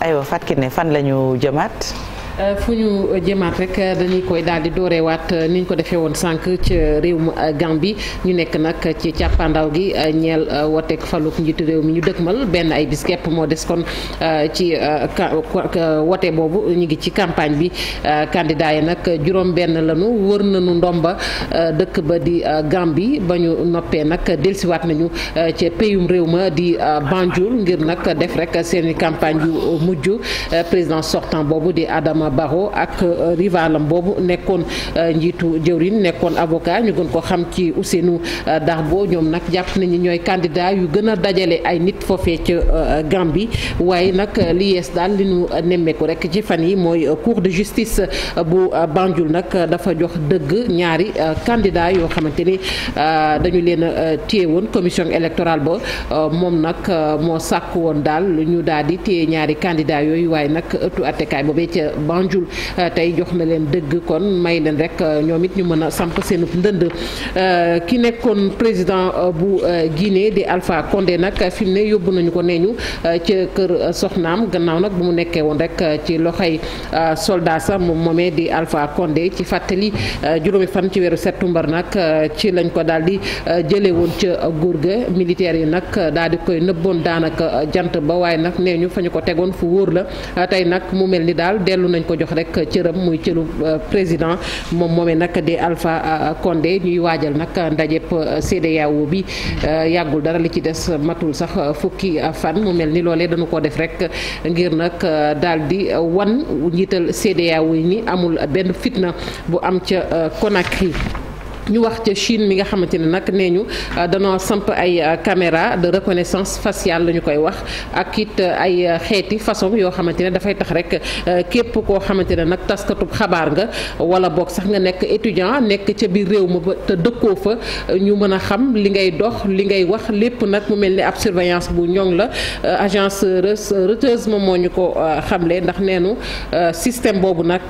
aywa Fatou Kiné fan la ñu jëmaat. Euh, fu ñu jëmaat rek euh, dañuy koy daal di dooreewaat euh, ni ñu ko defee woon sànq ci réewum Gambie ñu nekk nag ci càppaandaw gi ñeel woteek faluk njiitu réew mi ñu dëkkmal benn ay bis moo des kon ci wote boobu ñu ngi ci campagne bi candidat yi nag juróom benn lañu wër nanu ndomba dëkk ba di Gambie ba ñu noppee nag delsiwaat nañu ca péyum réew ma di Banjul ngir nag def rek seeni campagne yu mujj président sortant boobu di Adama Adama Barrow ak euh, rivalam boobu nekkoon euh, njiitu jëwrin nekkoon avocat ñu gën ko xam ci Ousseynou euh, Darbo ñoom nag jàpp nañu ñooy candidat yu gën a dajale ay nit foofee ca Gambie waaye nag li yees daal li nu nemmeeku rek ci fan yi mooy cour de justice bu Banjul nag dafa jox dëgg ñaari candidat yoo xamante ni dañu leen a téye woon commission électorale ba moom nag moo sàkk woon daal ñu daal di ñaari candidat yooyu waaye nag ëttu attekaay boobee ca Banjul euh, tey jox na leen dëgg kon may leen rek euh, ñoom it ñu mën a samp seenub ndënd euh, ki nekkoon président bu Guinée di Alpha Condé nag fi ne yóbbu nañu ko nee ñu ca kër soxnaam gannaaw nag bu mu nekkee woon rek ci loxoy soldat sax moom moomee di Alpha Condé ci fàttali juróomi fan ci weeru septembre nag ci lañ ko daal di jëlee woon ca góor ga militaire yi nag daldi koy nëbboon daanaka jant ba waaye nag nee ñu fa ñu ko tegoon fu wóor la tey nag mu mel ni daal nañ ko jox rek cëram muy cëru euh, président moom moomee nag di Alpha euh, Condé ñuy waajal nag ndajëb euh, CEDEAO bi yàggul dara li ci des matul sax fukki fan mu mel ni loole danu ko def rek ngir nag daal di wan njiital CEDEAO yi ni amul benn fitna bu am ca Conakry ñu wax ca Chine mi nga xamante ne nag nee ñu ah, danoo samp ay ah, caméra de reconnaissance faciale la ñu koy wax ak it ah, ay xeeti façon yoo xamante ne dafay tax rek képp koo xamante ne nag taskatub xabaar nga wala boog sax nga nekk étudiant nekk ca biir réew ma ba te dëkkoo fa ñu mën a xam li ngay dox li ngay wax lépp nag mu mel ni ab surveillance bu ñoŋ la agence Reuters moom moo ñu ko xamle ndax neenu système boobu nag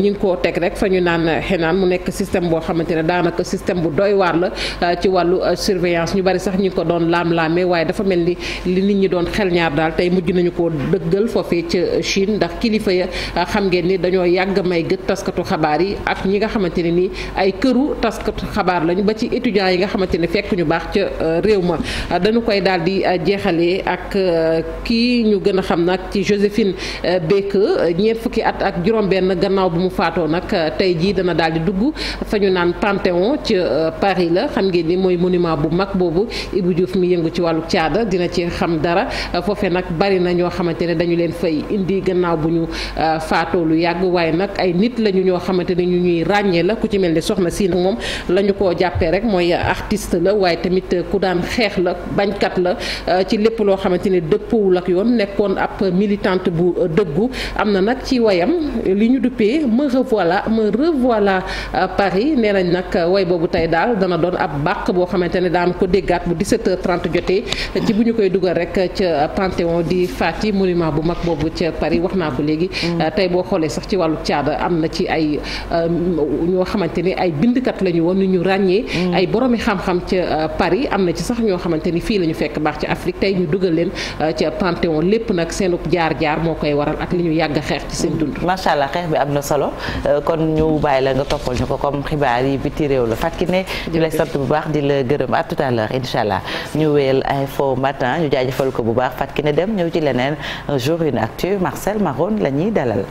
ñi ngi ko teg rek fa ñu naan xenaan mu nekk système boo xamante ne daanaka système bu doy waar la euh, ci wàllu euh, surveillance ñu bari sax ñu ko doon laam-laamee waaye dafa mel ni li nit ñi doon xel ñaar daal tey mujj nañu ko dëggal foofee ca Chine ndax kilifa ya euh, xam ngeen ni dañoo yàgg may gët taskatu xabaar yi ak ñi nga xamante ne nii ay këru taskatu xabaar lañu ba ci étudians yi nga xamante ne fekk ñu baax ca réew ma dañu koy daal di jeexalee ak kii ñu gën a xam nag ci Joséphine Baker ñeent fukki at ak juróom-benn gannaaw bu mu faatoo nag tey jii dana daal di dugg fa ñu naan Panthéon ko ca euh, Paris la xam ngeen ni mooy monument bu mag boobu Ibou Diouf mi yëngu ci wàllu caada dina ci xam dara euh, foofe nag bari na ñoo xamante ne dañu leen fay indi gannaaw bu ñu euh, faatoo lu yàgg waaye nag ay nit lañu ñoo xamante ne ñu ñuy ràññee la ku ci mel ni soxna sii nag moom la ñu koo jàppee rek mooy artiste la waaye tamit ku daan xeex la bañkat la ci lépp loo xamante ne dëppawul ak yoon nekkoon ab militante bu dëggu am na nag ci wayam li ñu duppee me revoilà boobu tey daal dana doon ab bàq boo xamante ne daan ko déggaat bu 17h30 jotee ci bu ñu koy dugal rek ca Panthéon di Fatih monument bu mag boobu ca Paris wax naa ko léegi. Mm. Euh, tey boo xoolee sax ci wàllu caada am na ci ay euh, ñoo xamante ni ay bindkat la ñu woon ñu ràññee. Mm. ay boromi xam-xam ca euh, Paris am na ci sax ñoo xamante ni fii la ñu fekk baax ci Afrique tey ñu dugal leen ca Panthéon lépp nag seenub jaar-jaar moo koy waral ak li ñu yàgg xeex ci seen dund. Mm. macha allah xeex bi am na solo kon ñu bàyyi la nga to loolu Fatou Kiné ñu lay sant bu baax di la gërëm à tout à l'heure incha allah ñu wéyal info matin ñu jaajëfal ko bu baax Fatou Kiné dem ñëw ci leneen un jour une actu Marcel Marone la ñuy dalal